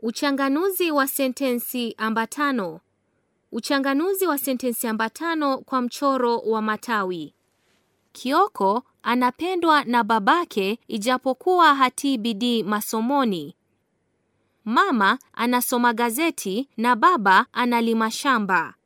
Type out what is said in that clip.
Uchanganuzi wa sentensi ambatano. Uchanganuzi wa sentensi ambatano kwa mchoro wa matawi. Kioko anapendwa na babake ijapokuwa hatii bidii masomoni. Mama anasoma gazeti na baba analima shamba.